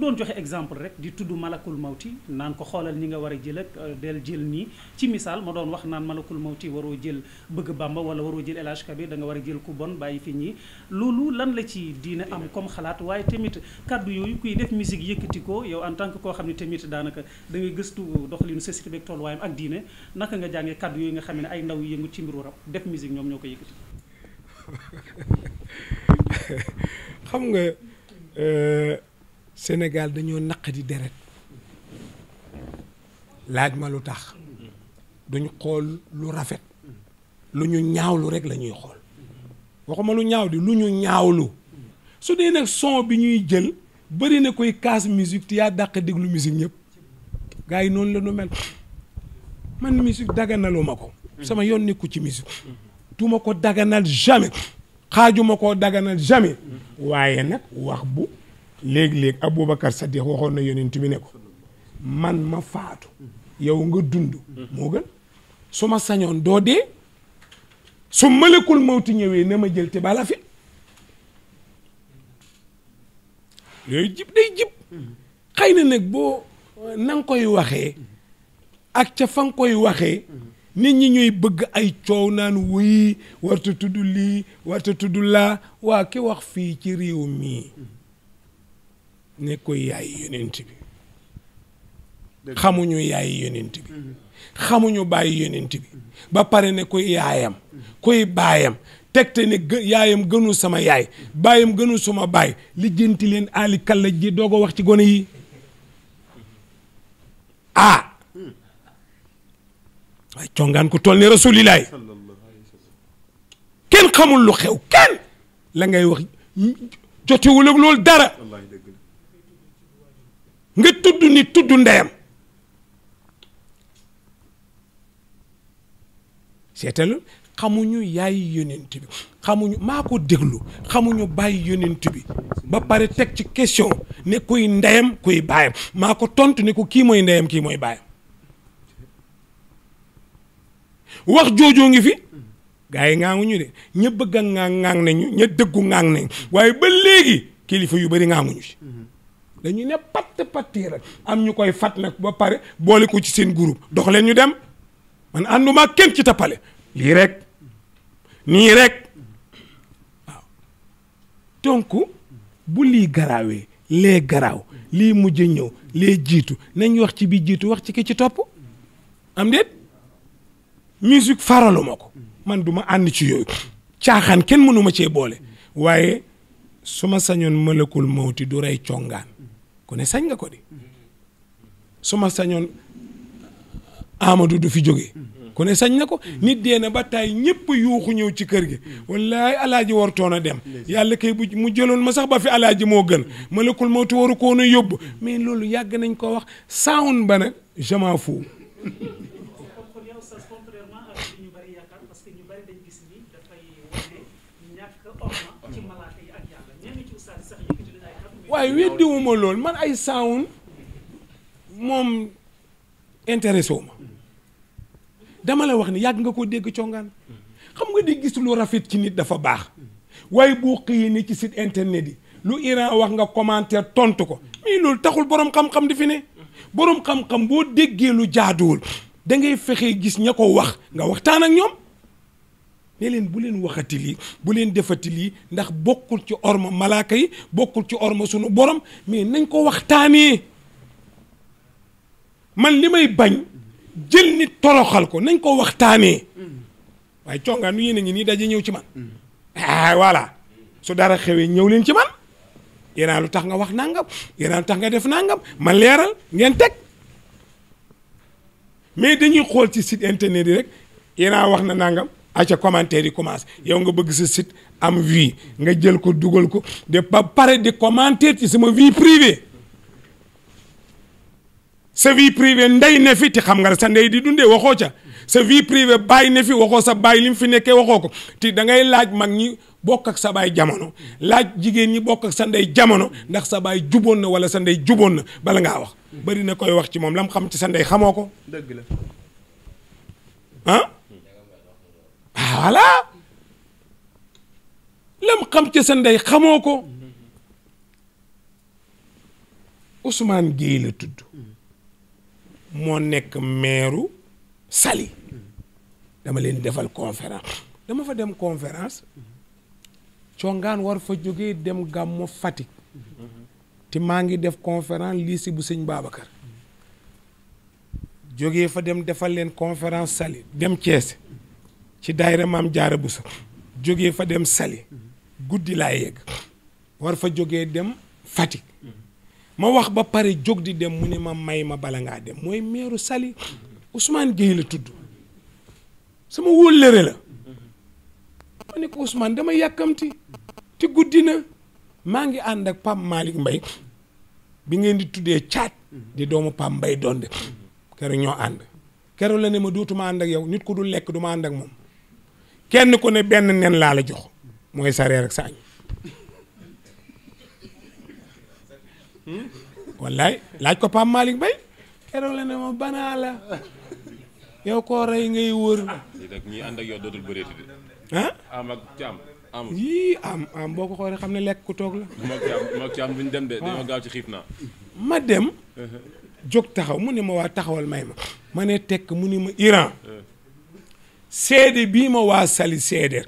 doon joxe exemple rek di tudd malakul mawti naan ko xoolal ñi nga war a jël ak euh, del jël nii ci misaal ma doon wax naan malakul mawti waroo jël bëgg bamba wala waroo jël El Hadj danga war a jël ku bon bàyyi fi ñii loolu lan la ci diine am comme xalaat waaye tamit kàddu yooyu kuy def musique yëkkati ko yow en tant que koo xam ne tamit daanaka da ngay gëstu doxalinu société beeg tolluwaayam ak diine naka nga jàngee kàddu yooyu nga xam ne ay ndaw yu ci mbiru rab def musique ñoom ñoo ko nga euh, Sénégal dañoo naq naqadi deret laaj ma lu tax duñ xool lu rafet lu ñu ñaawlu rek la ñuy xool waxuma lu ñaaw di lu ñu ñaawlu su dee nag son bi ñuy jël bëri na koy kaas musique te yaa dàq déglu musique ñëpp gars yi noonu la nu mel man musique daganalu ma ko sama yoon nekku ci musique duma ko daganal jamais xaajuma koo daganal jamais waaye nag wax bu léegi-léegi Aboubacar Sadiq waxoon na yonent bi ne ko man ma faatu yow nga dund moo gën su ma sañoon doo dee su malakul mawti ñëwee ne ma jël te bala fi yooyu jib day jib xëy na nag boo na koy waxee ak ca fa koy waxee nit ñi ñuy bëgg ay coow naan wuy warta tudd lii warta tudd laa waa ki wax fii ci réew mii ne ko yaay yonent bi xamuñu yaay yonent bi xamuñu bàyyi yonent bi ba pare ne koy yaayam koy baayam tegte ne yaayam gënu sama yaay baayam gënu sama baay lijjanti leen aali kalla ji doog a wax ci gone yi ah waaye congaan ku toll ne rasulilaay kenn xamul lu xew kenn la ngay wax jotewul loolu dara nga tudd nit tudd ndeyam seetal xamuñu yaay yonent bi xamuñu maa ko déglu xamuñu bàyyi yonent bi ba pare teg ci question ne kuy ndeyam kuy baayam maa ko tontu ne ko kii mooy ndeyam kii mooy baayam wax joojoo ngi fi gaa yi ŋaanguñu de ña bëgg a ŋaang ŋaang nañu ña dëggu ŋaang nañu waaye ba léegi kilifa yu bari ŋaanguñu ci dañuy ne patt patti rek am ñu koy fat nag ba pare boole ko ci seen groupe dox leen ñu dem man ànduma kenn ci tappale lii rek nii rek waaw donc bu lii garaawee lee garaaw lii mujj ñëw lee jiitu nañ wax ci bi jiitu wax ci ki ci topp am déet musique faraluma ko man duma ànd ci yooyu caaxaan kenn mënuma cee boole waaye su ma sañoon mëlëkul mawti du rey congaan ku sañ nga ko di su ma sañoon Amadou du fi jóge ku sañ na ko nit dee na ba taay ñëpp yuuxu ñëw ci kër gi wallaay alaaji wartoon a dem yàlla kay bu mu jëloon ma sax ba fi alaaji moo gën ma malakul mawtu waru koon a yóbbu mais loolu yàgg nañ koo wax saawun ba nag jamaa fou waaye weddiwuma lool man ay sound moom intéressé wu ma dama la wax ni yàgg nga ko dégg congaan xam nga di gis lu rafet ci nit dafa baax waaye boo xëyee ni ci site internet yi lu Iran wax nga commentaire tontu ko mais loolu taxul boroom xam-xam di fi ne boroom xam-xam boo déggee lu jaaduwul da ngay fexe gis ña ko wax nga waxtaan ak ñoom. ne leen bu leen waxati lii bu leen defati lii ndax bokkul ci orma malaaka yi bokkul ci orma sunu borom mais nañ ko waxtaanee man li may bañ jël nit toroxal ko nañ ko waxtaanee waaye congaan nu yéen a ngi nii daje ñëw ci man ah voilà su dara xewee ñëw leen ci man yéenaa lu tax nga wax nangam yéenaa lu tax nga def nangam man leeral ngeen teg mais dañuy xool ci site internet yi rek yéenaa wax na nangam aca commentaire yi commencé yow nga bëgg sa sit am vie nga jël ko dugal ko de ba pare di ti ci sama vie privée sa vie privée ndey ne fi ti xam nga sa ndey di dundee waxoo ca sa vie privée bàyyi ne fi waxoo sa bàyyi li fi nekkee waxoo ko ti da ngay laaj mag ñi bokk ak sa baay jamono laaj jigéen ñi bokk ak sa ndey jamono ndax sa baay juboon na wala sa ndey juboon na bala ngaa wax. bari na koy wax ci moom lam xam ci sa ndey xamoo ko. dëgg la ah voilà lam xam ca sa ndey xamoo ko Ousmane Gueye la tudd moo nekk meeru sali dama leen defal conférence dama fa dem conférence congaan war fa jógee dem gàmmu Fatick te maa ngi def conférence lycée bu sëñ Babacar jógee fa dem defal leen conférence sali dem Thiès ci daayira maam jaara buso jógee fa dem sali guddi laa yegg war fa jógee dem Fatick ma wax ba pare jóg di dem mu ne ma may ma bala ngaa dem mooy meeru sali Ousmane Gueye la tudd sama wóllëre la ma ne ko Ousmane dama yàkkamti te guddi na maa ngi ànd ak Pape Malick Mbaye bi ngeen di tuddee caat di doomu Pape Mbaye donde keroog ñoo ànd keroog la ne ma dootuma ànd ak yow nit ko dul lekk du ma ànd ak moom kenn ku ne benn nen laa la jox mooy sa rek ak sa añ wallaay laaj ko Pape Malick Bay keroog la ne ma banaa la yow koo rey ngay wër. ñi ànd ak yow dootul am am. boo ko xoolee xam ne lekk ku toog la. moog caam dem de ah. dañoo gaaw ci xiif naa. ma dem. Uh-huh. jóg taxaw mu ne ma waa taxawal may ma. ma ne tekk mu ne ma Iran. Uh-huh. seede bii ma waa sali seede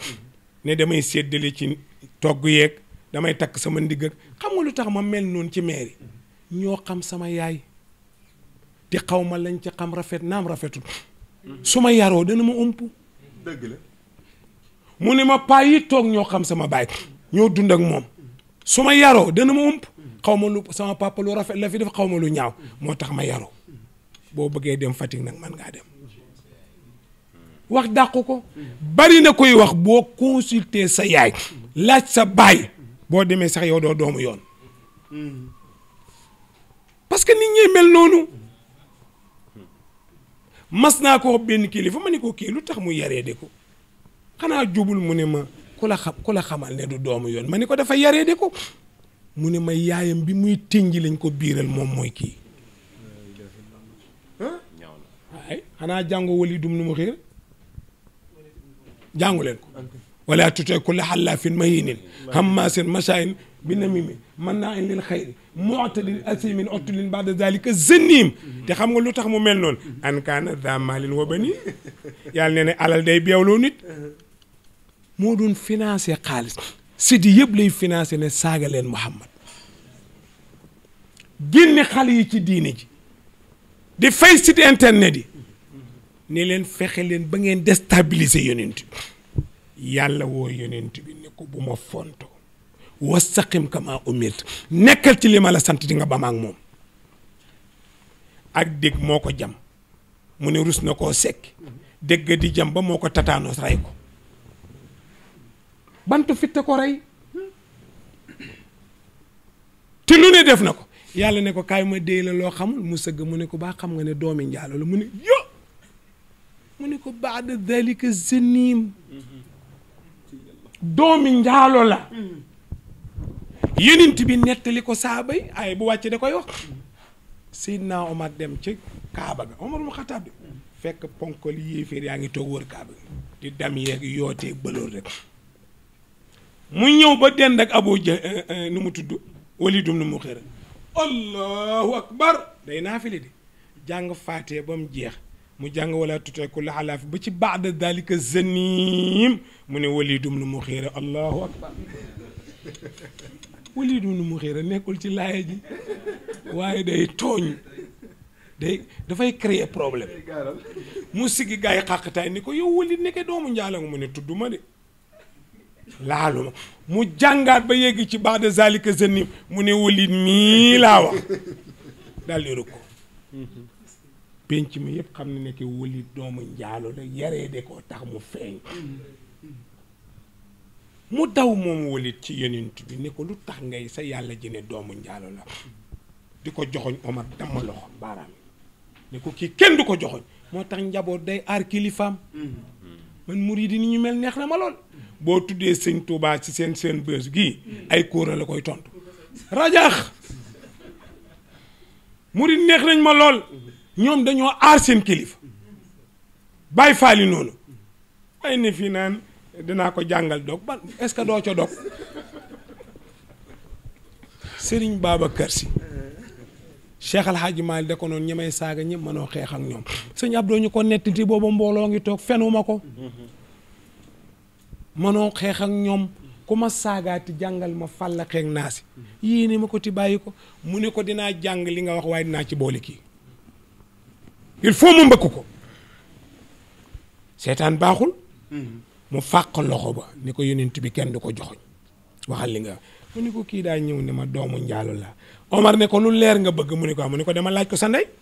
ne damay séddale ci togg yeeg damay takk sama ndigg ak xam nga lu tax ma mel noonu ci mairie ñoo xam sama yaay te xaw ma lañ ci xam rafet naam rafetul su ma yaroo dana ma ump dëgg la mu ne ma paa yi toog ñoo xam sama baay ñoo dund ak moom su yaroo dana ma xaw ma lu sama papa rafet la fi def xaw ma lu ñaaw moo tax ma yaroo boo bëggee dem Fatick nag man ngaa dem wax dàq ko bari na koy wax boo consulter sa yaay laaj sa baay boo demee sax yow doo doomu yoon parce que nit ñi mel noonu mas naa ko benn kilifa man ne ko kii lu tax mu yaree de ko xanaa jubul mu ne ma ku la xam ku la xamal ne du doomu yoon ma ni ko dafa yaree de ko mu ne ma yaayam bi muy tënji lañ ko biiral moom mooy kii. waaye xanaa jàngoo wali dum nu xiir jàngu leen ko wala tutee kulla xallaafin mahiinin hammaasin mashaayin bi namimi mannaain lil xayri mu'tadin asimin utulin baada zalika zaniim te xam nga lu tax mu mel noonu an kaana daa maalin wa baniin yàlla alal day beewloo nit moo doon financé xaalis si yëpp lay financé ne saaga leen Muhammad génne xale yi ci diine ji di fay site internet yi ne leen fexe leen ba ngeen déstabiliser yonent bi yàlla woo yonent bi ne ko bu ma fonto wastaqim kama umirt nekkal ci li ma sant di nga ba ak moom ak dégg moo ko jam mu ne rus na koo sekk dégg di jam ba moo ko tataanos rey ko bantu fitte ko rey te lu ne def na ko yàlla ne ko kaay ma déy la loo xamul mu sëgg mu ne ko baa xam nga ne doomi njaalo la mu ne yo mu ni ko baada dalika zaniim doomi njaalo la yenent bi nettali ko saaba yi ay bu wàcc da koy wax Seydina Omar dem ci Kaaba ga Omar mu Xataab bi fekk ponkal yéeféer yaa ngi toog wër Kaaba gi di dam yeeg yootee bëlool rek mu ñëw ba dend ak Abu eh, eh, nu mu tudd Walid ibn Mughira allahu akbar day naafile di jàng faatee ba mu jeex mu jàng wala tutee ku la xalaaf ba ci baada dalika zanim mu ne walidum lu mu xiira allahu akbar walidum lu mu xiira nekkul ci laaya ji waaye day tooñ day dafay créer problème mu sigi gars yi xàqtaay ni ko yow walid nekkee doomu njaala mu ne tudd ma de laalu mu jàngaat ba yegg ci baada zalika zanim mu ne walid mii laa wax daal di ko pénc mi yëpp xam ne nekk wëli doomu njaalo la yaree de koo tax mu feeñ mu daw moom wëlit ci yenent bi ne ko lu tax ngay sa yàlla ji ne doomu njaalo la di ko joxoñ Omar dama loxo baaraam ne ko kii kenn du ko joxoñ moo tax njaboot day aar kilifaam man muriid yi ni ñu mel neex na ma lool boo tuddee sëñ Tuubaa ci seen seen bés gii ay kóora la koy tontu rajaax muriid neex nañ ma lool ñoom dañoo aar seen kilifa bàyyi faali noonu ay ne fii naan dinaa ko jàngal dog ban est-ce que doo co dog sëriñ Babacar Sy Cheikh Al Hadj Malick da ko noonu ñi may saaga ñëpp mënoo xeex ak ñoom sëñ doo ñu ko nettiti booba mbooloo ngi toog fenuma ko mënoo xeex ak ñoom ku ma saagaati jàngal ma fàllaxeeg naa si yii nii ma ko ti bàyyi ko mu ne ko dinaa jàng li nga wax waaye dinaa ci boole kii il faut mu mbëkk ko seetaan baaxul mu fàq loxo ba ni ko yonent bi kenn du ko joxoñ waxal li nga mu ni ko kii daa ñëw ne ma doomu njaalo la Omar ne ko lu leer nga bëgg mu ni ko ah mu ni ko demal laaj ko sa ndey